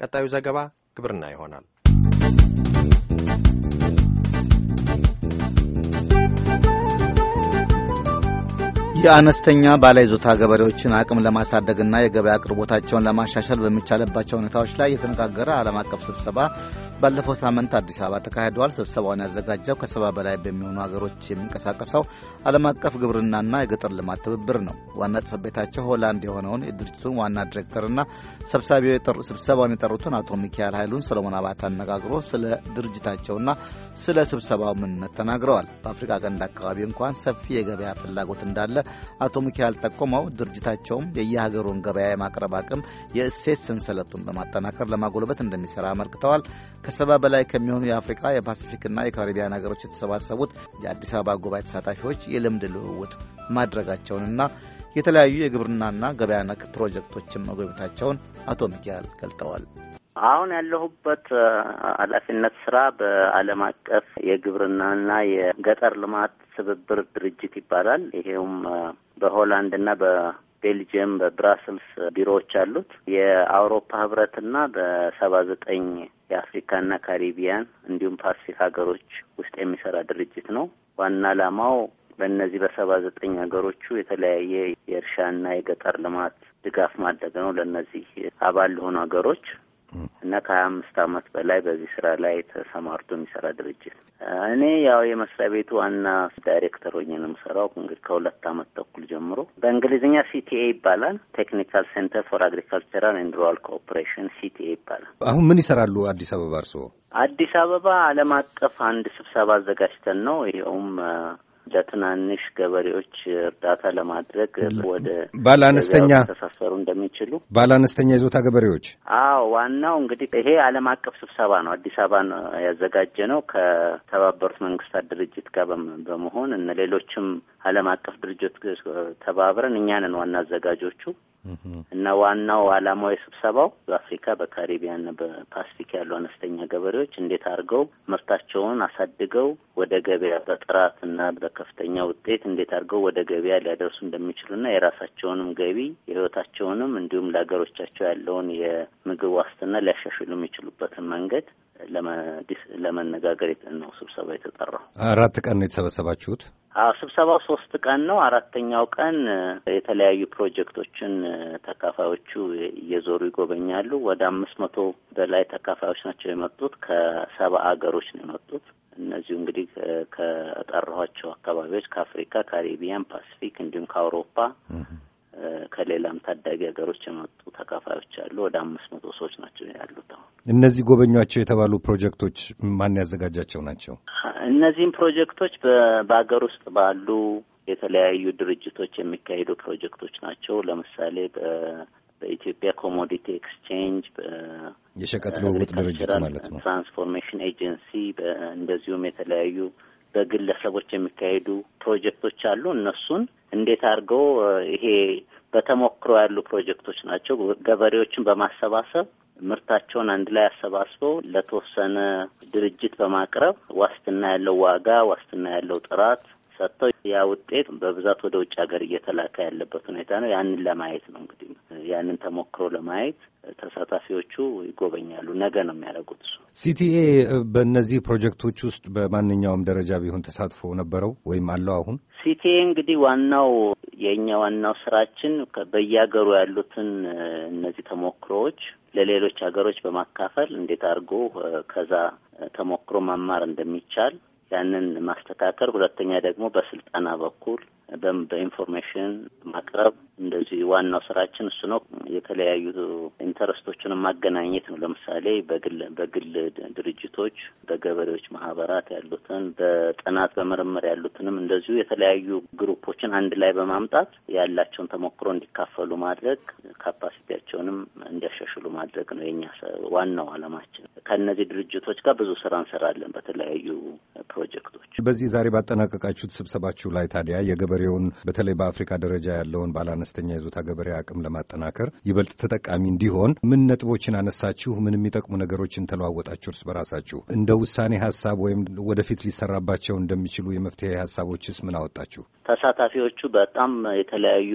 ቀጣዩ ዘገባ ግብርና ይሆናል። የአነስተኛ ባለይዞታ ገበሬዎችን አቅም ለማሳደግና የገበያ አቅርቦታቸውን ለማሻሻል በሚቻልባቸው ሁኔታዎች ላይ የተነጋገረ ዓለም አቀፍ ስብሰባ ባለፈው ሳምንት አዲስ አበባ ተካሂደዋል። ስብሰባውን ያዘጋጀው ከሰባ በላይ በሚሆኑ ሀገሮች የሚንቀሳቀሰው ዓለም አቀፍ ግብርናና የገጠር ልማት ትብብር ነው። ዋና ጽሕፈት ቤታቸው ሆላንድ የሆነውን የድርጅቱን ዋና ዲሬክተርና ስብሰባውን የጠሩትን አቶ ሚካኤል ኃይሉን ሰሎሞን አባት አነጋግሮ ስለ ድርጅታቸውና ስለ ስብሰባው ምንነት ተናግረዋል። በአፍሪካ ቀንድ አካባቢ እንኳን ሰፊ የገበያ ፍላጎት እንዳለ አቶ ሚካኤል ጠቆመው ድርጅታቸውም የየሀገሩን ገበያ የማቅረብ አቅም የእሴት ሰንሰለቱን በማጠናከር ለማጎልበት እንደሚሰራ አመልክተዋል። ከሰባ በላይ ከሚሆኑ የአፍሪካ የፓሲፊክና የካሪቢያን ሀገሮች የተሰባሰቡት የአዲስ አበባ ጉባኤ ተሳታፊዎች የልምድ ልውውጥ ማድረጋቸውንና የተለያዩ የግብርናና ገበያ ነክ ፕሮጀክቶችን መጎብኘታቸውን አቶ ሚካኤል ገልጠዋል። አሁን ያለሁበት ኃላፊነት ስራ በዓለም አቀፍ የግብርናና የገጠር ልማት ትብብር ድርጅት ይባላል። ይሄውም በሆላንድና በቤልጅየም በብራስልስ ቢሮዎች አሉት። የአውሮፓ ህብረትና በሰባ ዘጠኝ የአፍሪካና ካሪቢያን እንዲሁም ፓሲፊክ ሀገሮች ውስጥ የሚሰራ ድርጅት ነው። ዋና ዓላማው በእነዚህ በሰባ ዘጠኝ ሀገሮቹ የተለያየ የእርሻና የገጠር ልማት ድጋፍ ማድረግ ነው ለእነዚህ አባል ለሆኑ ሀገሮች እና ከሀያ አምስት አመት በላይ በዚህ ስራ ላይ ተሰማርቶ የሚሰራ ድርጅት። እኔ ያው የመስሪያ ቤቱ ዋና ዳይሬክተር ሆኜ ነው የምሰራው እንግዲህ ከሁለት አመት ተኩል ጀምሮ። በእንግሊዝኛ ሲቲኤ ይባላል። ቴክኒካል ሴንተር ፎር አግሪካልቸራል ኤንድ ሩራል ኮኦፕሬሽን ሲቲኤ ይባላል። አሁን ምን ይሰራሉ አዲስ አበባ እርስዎ? አዲስ አበባ አለም አቀፍ አንድ ስብሰባ አዘጋጅተን ነው ይኸውም ለትናንሽ ገበሬዎች እርዳታ ለማድረግ ወደ አነስተኛ ተሳሰሩ እንደሚችሉ ባለአነስተኛ ይዞታ ገበሬዎች። አዎ ዋናው እንግዲህ ይሄ ዓለም አቀፍ ስብሰባ ነው። አዲስ አበባ ነው ያዘጋጀ ነው ከተባበሩት መንግስታት ድርጅት ጋር በመሆን እና ሌሎችም ዓለም አቀፍ ድርጅት ተባብረን እኛንን ዋና አዘጋጆቹ እና ዋናው ዓላማዊ ስብሰባው በአፍሪካ በካሪቢያን ና በፓስፊክ ያሉ አነስተኛ ገበሬዎች እንዴት አድርገው ምርታቸውን አሳድገው ወደ ገበያ በጥራት በከፍተኛ ውጤት እንዴት አድርገው ወደ ገበያ ሊያደርሱ እንደሚችሉ ና የራሳቸውንም ገቢ የሕይወታቸውንም እንዲሁም ለሀገሮቻቸው ያለውን የምግብ ዋስትና ሊያሻሽሉ የሚችሉበትን መንገድ ለመነጋገር ነው ስብሰባ የተጠራው። አራት ቀን ነው የተሰበሰባችሁት? አዎ ስብሰባው ሶስት ቀን ነው። አራተኛው ቀን የተለያዩ ፕሮጀክቶችን ተካፋዮቹ እየዞሩ ይጎበኛሉ። ወደ አምስት መቶ በላይ ተካፋዮች ናቸው የመጡት። ከሰባ አገሮች ነው የመጡት። እነዚሁ እንግዲህ ከጠራኋቸው አካባቢዎች ከአፍሪካ፣ ካሪቢያን፣ ፓሲፊክ እንዲሁም ከአውሮፓ ከሌላም ታዳጊ ሀገሮች የመጡ ተካፋዮች አሉ። ወደ አምስት መቶ ሰዎች ናቸው ያሉት። አሁን እነዚህ ጎበኟቸው የተባሉ ፕሮጀክቶች ማን ያዘጋጃቸው ናቸው? እነዚህም ፕሮጀክቶች በሀገር ውስጥ ባሉ የተለያዩ ድርጅቶች የሚካሄዱ ፕሮጀክቶች ናቸው። ለምሳሌ በኢትዮጵያ ኮሞዲቲ ኤክስቼንጅ፣ የሸቀጥ ልውውጥ ድርጅት ማለት ነው፣ ትራንስፎርሜሽን ኤጀንሲ፣ እንደዚሁም የተለያዩ በግለሰቦች የሚካሄዱ ፕሮጀክቶች አሉ። እነሱን እንዴት አድርገው ይሄ በተሞክሮ ያሉ ፕሮጀክቶች ናቸው። ገበሬዎችን በማሰባሰብ ምርታቸውን አንድ ላይ አሰባስበው ለተወሰነ ድርጅት በማቅረብ ዋስትና ያለው ዋጋ፣ ዋስትና ያለው ጥራት ሰጥተው ያ ውጤት በብዛት ወደ ውጭ ሀገር እየተላከ ያለበት ሁኔታ ነው። ያንን ለማየት ነው እንግዲህ ያንን ተሞክሮ ለማየት ተሳታፊዎቹ ይጎበኛሉ። ነገ ነው የሚያደርጉት። እሱ ሲቲኤ በእነዚህ ፕሮጀክቶች ውስጥ በማንኛውም ደረጃ ቢሆን ተሳትፎ ነበረው ወይም አለው? አሁን ሲቲኤ እንግዲህ ዋናው የእኛ ዋናው ስራችን በየሀገሩ ያሉትን እነዚህ ተሞክሮዎች ለሌሎች ሀገሮች በማካፈል እንዴት አድርጎ ከዛ ተሞክሮ መማር እንደሚቻል ያንን ማስተካከል፣ ሁለተኛ ደግሞ በስልጠና በኩል በኢንፎርሜሽን ማቅረብ እንደዚህ ዋናው ስራችን እሱ ነው። የተለያዩ ኢንተረስቶችን ማገናኘት ነው። ለምሳሌ በግል በግል ድርጅቶች፣ በገበሬዎች ማህበራት ያሉትን፣ በጥናት በምርምር ያሉትንም እንደዚሁ የተለያዩ ግሩፖችን አንድ ላይ በማምጣት ያላቸውን ተሞክሮ እንዲካፈሉ ማድረግ፣ ካፓሲቲያቸውንም እንዲያሻሽሉ ማድረግ ነው የኛ ዋናው አላማችን። ከእነዚህ ድርጅቶች ጋር ብዙ ስራ እንሰራለን በተለያዩ ፕሮጀክቶች። በዚህ ዛሬ ባጠናቀቃችሁት ስብሰባችሁ ላይ ታዲያ የገበሬውን በተለይ በአፍሪካ ደረጃ ያለውን ባለአነስተኛ ይዞታ ገበሬ አቅም ለማጠናከር ይበልጥ ተጠቃሚ እንዲሆን ምን ነጥቦችን አነሳችሁ? ምን የሚጠቅሙ ነገሮችን ተለዋወጣችሁ እርስ በራሳችሁ? እንደ ውሳኔ ሀሳብ ወይም ወደፊት ሊሰራባቸው እንደሚችሉ የመፍትሄ ሀሳቦችስ ምን አወጣችሁ? ተሳታፊዎቹ በጣም የተለያዩ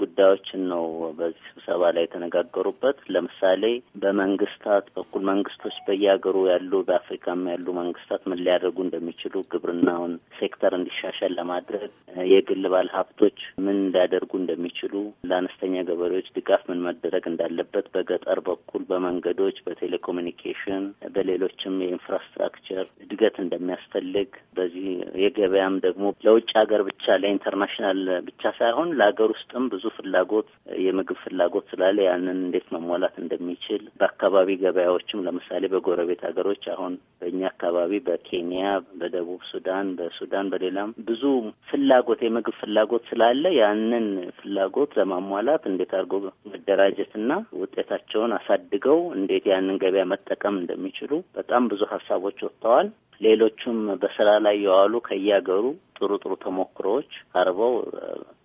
ጉዳዮችን ነው በዚህ ስብሰባ ላይ የተነጋገሩበት። ለምሳሌ በመንግስታት በኩል መንግስቶች በየሀገሩ ያሉ በአፍሪካም ያሉ መንግስታት ምን ሊያደርጉ እንደሚችሉ ግብርናውን ሴክተር እንዲሻሻል ለማድረግ የግል ባለ ሀብቶች ምን ሊያደርጉ እንደሚችሉ ለአነስተኛ ገበሬዎች ድጋፍ ምን መደረግ እንዳለበት በገጠር በኩል በመንገዶች፣ በቴሌኮሙኒኬሽን፣ በሌሎችም የኢንፍራስትራክቸር እድገት እንደሚያስፈልግ በዚህ የገበያም ደግሞ ለውጭ ሀገር ብቻ ለኢንተርናሽናል ብቻ ሳይሆን ለሀገር ውስጥም ብዙ ፍላጎት የምግብ ፍላጎት ስላለ ያንን እንዴት መሟላት እንደሚችል በአካባቢ ገበያዎችም ለምሳሌ በጎረቤት ሀገሮች አሁን በእኛ አካባቢ በኬንያ፣ በደቡብ ሱዳን፣ በሱዳን በሌላም ብዙ ፍላጎት የምግብ ፍላጎት ስላለ ያንን ፍላጎት ለማሟላት እንዴት አድርጎ መደራጀትና ውጤታቸውን አሳድገው እንዴት ያንን ገበያ መጠቀም እንደሚችሉ በጣም ብዙ ሀሳቦች ወጥተዋል። ሌሎቹም በስራ ላይ የዋሉ ከያገሩ ጥሩ ጥሩ ተሞክሮዎች ቀርበው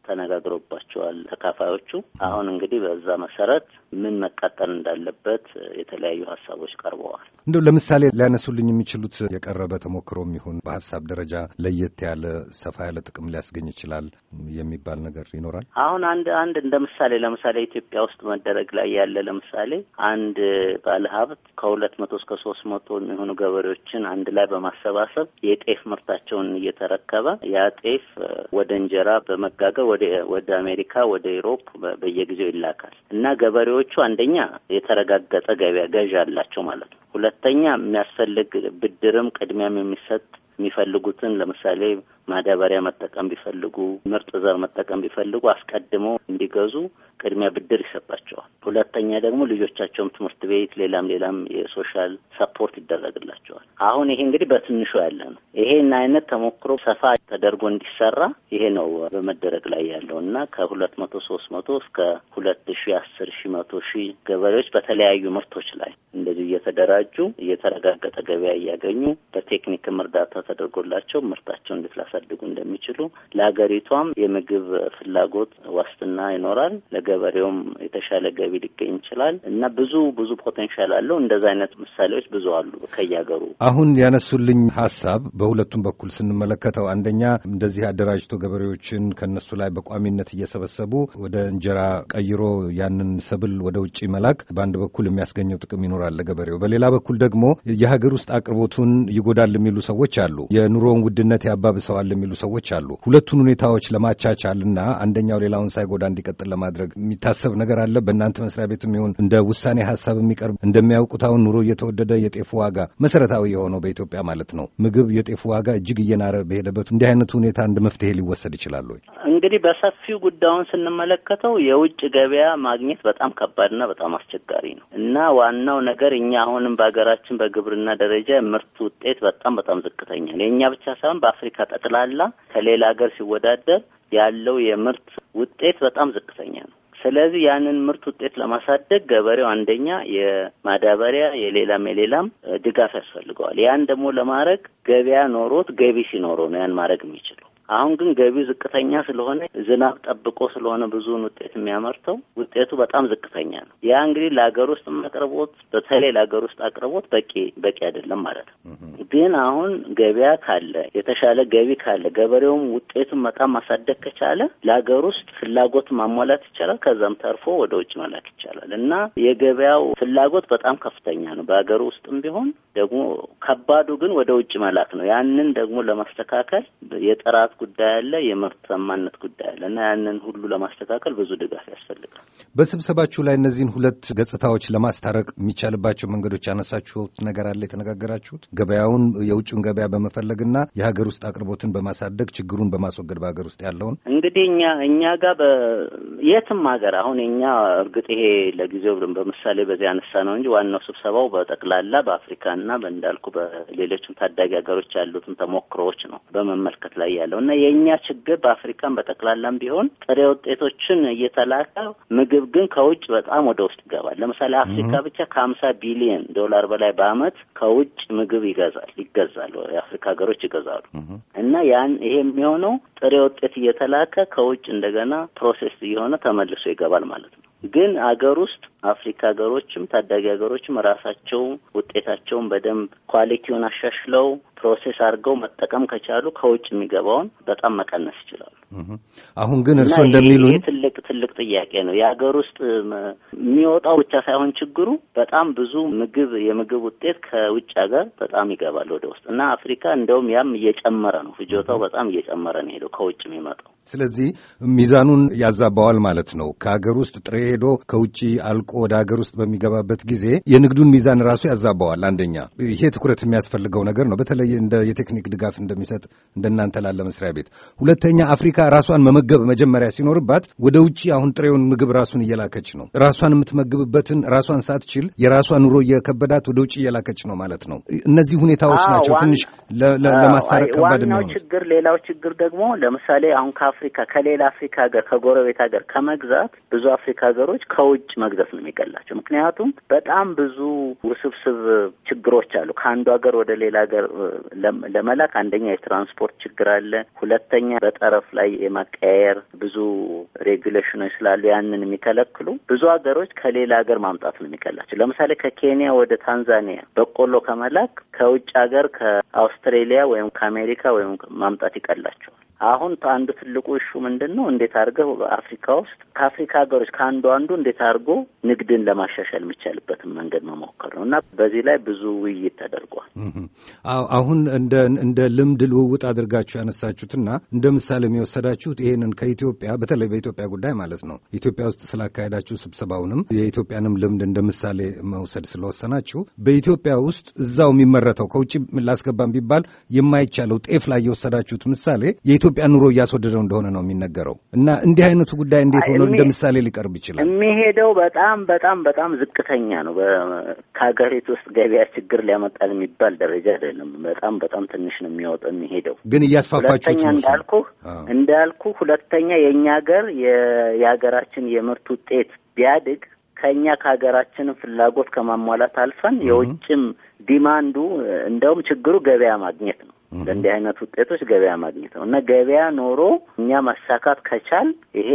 ተነጋግሮባቸዋል ተካፋዮቹ። አሁን እንግዲህ በዛ መሰረት ምን መቃጠል እንዳለበት የተለያዩ ሀሳቦች ቀርበዋል። እንደው ለምሳሌ ሊያነሱልኝ የሚችሉት የቀረበ ተሞክሮ የሚሆን በሀሳብ ደረጃ ለየት ያለ ሰፋ ያለ ጥቅም ሊያስገኝ ይችላል የሚባል ነገር ይኖራል። አሁን አንድ አንድ እንደ ምሳሌ ለምሳሌ ኢትዮጵያ ውስጥ መደረግ ላይ ያለ ለምሳሌ አንድ ባለሀብት ከሁለት መቶ እስከ ሶስት መቶ የሚሆኑ ገበሬዎችን አንድ ላይ በ በማሰባሰብ የጤፍ ምርታቸውን እየተረከበ ያ ጤፍ ወደ እንጀራ በመጋገር ወደ አሜሪካ፣ ወደ ኢሮፕ በየጊዜው ይላካል እና ገበሬዎቹ አንደኛ የተረጋገጠ ገበያ ገዥ አላቸው ማለት ነው። ሁለተኛ የሚያስፈልግ ብድርም ቅድሚያም የሚሰጥ የሚፈልጉትን ለምሳሌ ማዳበሪያ መጠቀም ቢፈልጉ፣ ምርጥ ዘር መጠቀም ቢፈልጉ አስቀድሞ እንዲገዙ ቅድሚያ ብድር ይሰጣቸዋል። ሁለተኛ ደግሞ ልጆቻቸውም ትምህርት ቤት ሌላም ሌላም የሶሻል ሰፖርት ይደረግላቸዋል። አሁን ይሄ እንግዲህ በትንሹ ያለ ነው። ይሄን አይነት ተሞክሮ ሰፋ ተደርጎ እንዲሰራ ይሄ ነው በመደረግ ላይ ያለው እና ከሁለት መቶ ሶስት መቶ እስከ ሁለት ሺ አስር ሺ መቶ ሺ ገበሬዎች በተለያዩ ምርቶች ላይ እንደዚህ እየተደራጁ እየተረጋገጠ ገበያ እያገኙ በቴክኒክም እርዳታ ተደርጎላቸው ምርታቸው እንድትላስ ሊያሳድጉ እንደሚችሉ ለሀገሪቷም የምግብ ፍላጎት ዋስትና ይኖራል፣ ለገበሬውም የተሻለ ገቢ ሊገኝ ይችላል እና ብዙ ብዙ ፖቴንሻል አለው። እንደዛ አይነት ምሳሌዎች ብዙ አሉ ከየሀገሩ። አሁን ያነሱልኝ ሀሳብ በሁለቱም በኩል ስንመለከተው አንደኛ እንደዚህ አደራጅቶ ገበሬዎችን ከነሱ ላይ በቋሚነት እየሰበሰቡ ወደ እንጀራ ቀይሮ ያንን ሰብል ወደ ውጭ መላክ በአንድ በኩል የሚያስገኘው ጥቅም ይኖራል ለገበሬው፣ በሌላ በኩል ደግሞ የሀገር ውስጥ አቅርቦቱን ይጎዳል የሚሉ ሰዎች አሉ። የኑሮውን ውድነት ያባብሰዋል ተፈጥረዋል የሚሉ ሰዎች አሉ። ሁለቱን ሁኔታዎች ለማቻቻልና አንደኛው ሌላውን ሳይጎዳ እንዲቀጥል ለማድረግ የሚታሰብ ነገር አለ። በእናንተ መስሪያ ቤትም ይሁን እንደ ውሳኔ ሀሳብ የሚቀርብ እንደሚያውቁት አሁን ኑሮ እየተወደደ የጤፍ ዋጋ መሰረታዊ የሆነው በኢትዮጵያ ማለት ነው ምግብ የጤፍ ዋጋ እጅግ እየናረ በሄደበት እንዲህ አይነቱ ሁኔታ እንደ መፍትሄ ሊወሰድ ይችላሉ? እንግዲህ በሰፊው ጉዳዩን ስንመለከተው የውጭ ገበያ ማግኘት በጣም ከባድና በጣም አስቸጋሪ ነው እና ዋናው ነገር እኛ አሁንም በሀገራችን በግብርና ደረጃ ምርት ውጤት በጣም በጣም ነው። የእኛ ብቻ ሳይሆን በአፍሪካ ጠቅላ ስላላ ከሌላ ሀገር ሲወዳደር ያለው የምርት ውጤት በጣም ዝቅተኛ ነው። ስለዚህ ያንን ምርት ውጤት ለማሳደግ ገበሬው አንደኛ የማዳበሪያ የሌላም የሌላም ድጋፍ ያስፈልገዋል። ያን ደግሞ ለማድረግ ገበያ ኖሮት ገቢ ሲኖረው ነው ያን ማድረግ የሚችለው። አሁን ግን ገቢው ዝቅተኛ ስለሆነ ዝናብ ጠብቆ ስለሆነ ብዙውን ውጤት የሚያመርተው ውጤቱ በጣም ዝቅተኛ ነው። ያ እንግዲህ ለሀገር ውስጥ አቅርቦት በተለይ ለሀገር ውስጥ አቅርቦት በቂ በቂ አይደለም ማለት ነው። ግን አሁን ገበያ ካለ የተሻለ ገቢ ካለ ገበሬውም ውጤቱን በጣም ማሳደግ ከቻለ ለሀገር ውስጥ ፍላጎት ማሟላት ይቻላል። ከዛም ተርፎ ወደ ውጭ መላክ ይቻላል እና የገበያው ፍላጎት በጣም ከፍተኛ ነው በሀገር ውስጥም ቢሆን ደግሞ ከባዱ ግን ወደ ውጭ መላክ ነው። ያንን ደግሞ ለማስተካከል የጥራት የስርዓት ጉዳይ አለ፣ የመብት ሰማነት ጉዳይ አለ እና ያንን ሁሉ ለማስተካከል ብዙ ድጋፍ ያስፈልጋል። በስብሰባችሁ ላይ እነዚህን ሁለት ገጽታዎች ለማስታረቅ የሚቻልባቸው መንገዶች ያነሳችሁት ነገር አለ የተነጋገራችሁት? ገበያውን የውጭውን ገበያ በመፈለግና የሀገር ውስጥ አቅርቦትን በማሳደግ ችግሩን በማስወገድ በሀገር ውስጥ ያለውን እንግዲህ እኛ እኛ ጋር የትም ሀገር አሁን እኛ እርግጥ ይሄ ለጊዜው በምሳሌ በዚህ ያነሳ ነው እንጂ ዋናው ስብሰባው በጠቅላላ በአፍሪካና በእንዳልኩ በሌሎችም ታዳጊ ሀገሮች ያሉትን ተሞክሮዎች ነው በመመልከት ላይ ያለው እና የእኛ ችግር በአፍሪካም በጠቅላላም ቢሆን ጥሬ ውጤቶችን እየተላከ ምግብ ግን ከውጭ በጣም ወደ ውስጥ ይገባል። ለምሳሌ አፍሪካ ብቻ ከሀምሳ ቢሊየን ዶላር በላይ በአመት ከውጭ ምግብ ይገዛል ይገዛል የአፍሪካ ሀገሮች ይገዛሉ እና ያን ይሄ የሚሆነው ጥሬ ውጤት እየተላከ ከውጭ እንደገና ፕሮሴስ እየሆነ ተመልሶ ይገባል ማለት ነው። ግን አገር ውስጥ አፍሪካ ሀገሮችም ታዳጊ ሀገሮችም ራሳቸው ውጤታቸውን በደንብ ኳሊቲውን አሻሽለው ፕሮሴስ አድርገው መጠቀም ከቻሉ ከውጭ የሚገባውን በጣም መቀነስ ይችላሉ። አሁን ግን እርሱ እንደሚሉኝ ትልቅ ትልቅ ጥያቄ ነው። የሀገር ውስጥ የሚወጣው ብቻ ሳይሆን ችግሩ በጣም ብዙ ምግብ የምግብ ውጤት ከውጭ ሀገር በጣም ይገባል ወደ ውስጥ እና አፍሪካ እንደውም ያም እየጨመረ ነው። ፍጆታው በጣም እየጨመረ ነው ሄደው ከውጭ የሚመጣው። ስለዚህ ሚዛኑን ያዛባዋል ማለት ነው። ከሀገር ውስጥ ጥሬ ሄዶ ከውጭ አልቆ ወደ ሀገር ውስጥ በሚገባበት ጊዜ የንግዱን ሚዛን ራሱ ያዛባዋል። አንደኛ ይሄ ትኩረት የሚያስፈልገው ነገር ነው። በተለይ እንደ የቴክኒክ ድጋፍ እንደሚሰጥ እንደናንተ ላለ መስሪያ ቤት። ሁለተኛ አፍሪካ ራሷን መመገብ መጀመሪያ ሲኖርባት ወደ ውጭ አሁን ጥሬውን ምግብ ራሱን እየላከች ነው። ራሷን የምትመግብበትን ራሷን ሳትችል የራሷ ኑሮ እየከበዳት ወደ ውጭ እየላከች ነው ማለት ነው። እነዚህ ሁኔታዎች ናቸው ትንሽ ለማስታረቅ ከባድ የሚሆኑት። ችግር ሌላው ችግር ደግሞ ለምሳሌ አሁን ከአፍሪካ ከሌላ አፍሪካ ሀገር ከጎረቤት ሀገር ከመግዛት ብዙ አፍሪካ ሀገሮች ከውጭ መግዛት ነው የሚቀላቸው። ምክንያቱም በጣም ብዙ ውስብስብ ችግሮች አሉ። ከአንዱ ሀገር ወደ ሌላ ሀገር ለመላክ አንደኛ የትራንስፖርት ችግር አለ። ሁለተኛ በጠረፍ ላይ የማቀያየር ብዙ ሬጉሌሽኖች ስላሉ ያንን የሚከለክሉ ብዙ ሀገሮች ከሌላ ሀገር ማምጣት ነው የሚቀላቸው። ለምሳሌ ከኬንያ ወደ ታንዛኒያ በቆሎ ከመላክ ከውጭ ሀገር ከአውስትሬሊያ ወይም ከአሜሪካ ወይም ማምጣት ይቀላቸዋል። አሁን አንዱ ትልቁ እሹ ምንድን ነው? እንዴት አድርገህ አፍሪካ ውስጥ ከአፍሪካ ሀገሮች ከአንዱ አንዱ እንዴት አድርጎ ንግድን ለማሻሻል የሚቻልበትን መንገድ መሞከር ነው እና በዚህ ላይ ብዙ ውይይት ተደርጓል። አሁን እንደ ልምድ ልውውጥ አድርጋችሁ ያነሳችሁትና እንደ ምሳሌ የሚወሰዳችሁት ይህንን ከኢትዮጵያ በተለይ በኢትዮጵያ ጉዳይ ማለት ነው ኢትዮጵያ ውስጥ ስላካሄዳችሁ ስብሰባውንም የኢትዮጵያንም ልምድ እንደ ምሳሌ መውሰድ ስለወሰናችሁ በኢትዮጵያ ውስጥ እዛው የሚመረተው ከውጭ ላስገባም ቢባል የማይቻለው ጤፍ ላይ የወሰዳችሁት ምሳሌ የኢትዮጵያ ኑሮ እያስወደደው እንደሆነ ነው የሚነገረው። እና እንዲህ አይነቱ ጉዳይ እንዴት ሆኖ እንደ ምሳሌ ሊቀርብ ይችላል? የሚሄደው በጣም በጣም በጣም ዝቅተኛ ነው። ከሀገሪቱ ውስጥ ገበያ ችግር ሊያመጣል የሚባል ደረጃ አይደለም። በጣም በጣም ትንሽ ነው የሚወጣው የሚሄደው። ግን እያስፋፋችሁ እንዳልኩ እንዳልኩ ሁለተኛ የእኛ ሀገር የሀገራችን የምርት ውጤት ቢያድግ ከእኛ ከሀገራችንም ፍላጎት ከማሟላት አልፈን የውጭም ዲማንዱ እንደውም ችግሩ ገበያ ማግኘት ነው። ለእንዲህ አይነት ውጤቶች ገበያ ማግኘት ነው እና ገበያ ኖሮ እኛ ማሳካት ከቻል ይሄ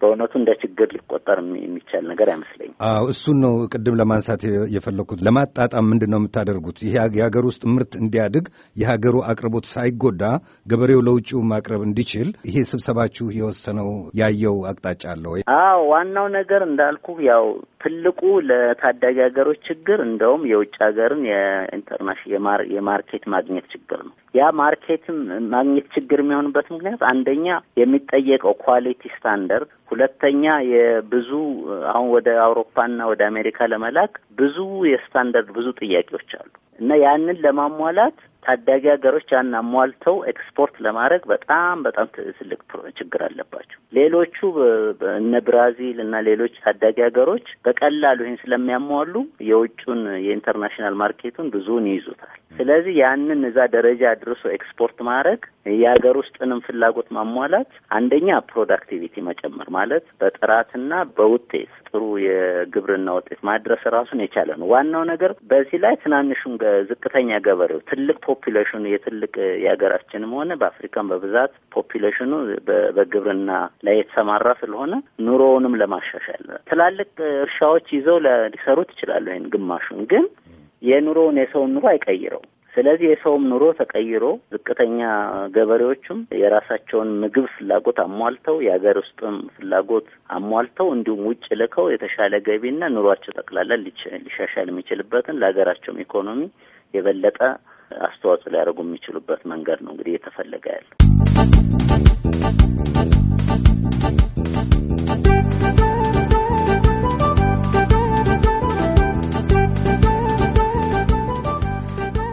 በእውነቱ እንደ ችግር ሊቆጠር የሚቻል ነገር አይመስለኝም። አዎ እሱን ነው ቅድም ለማንሳት የፈለግኩት። ለማጣጣም ምንድን ነው የምታደርጉት? ይህ የሀገር ውስጥ ምርት እንዲያድግ የሀገሩ አቅርቦት ሳይጎዳ ገበሬው ለውጭው ማቅረብ እንዲችል ይሄ ስብሰባችሁ የወሰነው ያየው አቅጣጫ አለ ወይ? አዎ ዋናው ነገር እንዳልኩ ያው ትልቁ ለታዳጊ ሀገሮች ችግር እንደውም የውጭ ሀገርን የኢንተርናሽናል የማርኬት ማግኘት ችግር ነው። ያ ማርኬት ማግኘት ችግር የሚሆንበት ምክንያት አንደኛ የሚጠየቀው ኳሊቲ ስታንደርድ፣ ሁለተኛ የብዙ አሁን ወደ አውሮፓና ወደ አሜሪካ ለመላክ ብዙ የስታንደርድ ብዙ ጥያቄዎች አሉ እና ያንን ለማሟላት ታዳጊ ሀገሮች ያን አሟልተው ኤክስፖርት ለማድረግ በጣም በጣም ትልቅ ችግር አለባቸው። ሌሎቹ እነ ብራዚል እና ሌሎች ታዳጊ ሀገሮች በቀላሉ ይህን ስለሚያሟሉ የውጩን የኢንተርናሽናል ማርኬቱን ብዙውን ይይዙታል። ስለዚህ ያንን እዛ ደረጃ አድርሶ ኤክስፖርት ማድረግ የሀገር ውስጥንም ፍላጎት ማሟላት አንደኛ ፕሮዳክቲቪቲ መጨመር ማለት በጥራትና በውጤት ጥሩ የግብርና ውጤት ማድረስ ራሱን የቻለ ነው። ዋናው ነገር በዚህ ላይ ትናንሹም ዝቅተኛ ገበሬው ትልቅ ፖፒሌሽኑ የትልቅ የሀገራችንም ሆነ በአፍሪካም በብዛት ፖፒሌሽኑ በግብርና ላይ የተሰማራ ስለሆነ ኑሮውንም ለማሻሻል ትላልቅ እርሻዎች ይዘው ሊሰሩት ይችላሉ። ይህን ግማሹን ግን የኑሮውን የሰውን ኑሮ አይቀይረው። ስለዚህ የሰውም ኑሮ ተቀይሮ ዝቅተኛ ገበሬዎችም የራሳቸውን ምግብ ፍላጎት አሟልተው የሀገር ውስጥም ፍላጎት አሟልተው እንዲሁም ውጭ ልከው የተሻለ ገቢና ኑሯቸው ጠቅላላ ሊሻሻል የሚችልበትን ለሀገራቸውም ኢኮኖሚ የበለጠ አስተዋጽኦ ሊያደርጉ የሚችሉበት መንገድ ነው እንግዲህ እየተፈለገ ያለ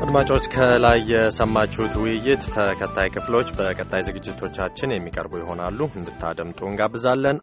አድማጮች ከላይ የሰማችሁት ውይይት ተከታይ ክፍሎች በቀጣይ ዝግጅቶቻችን የሚቀርቡ ይሆናሉ። እንድታደምጡ እንጋብዛለን።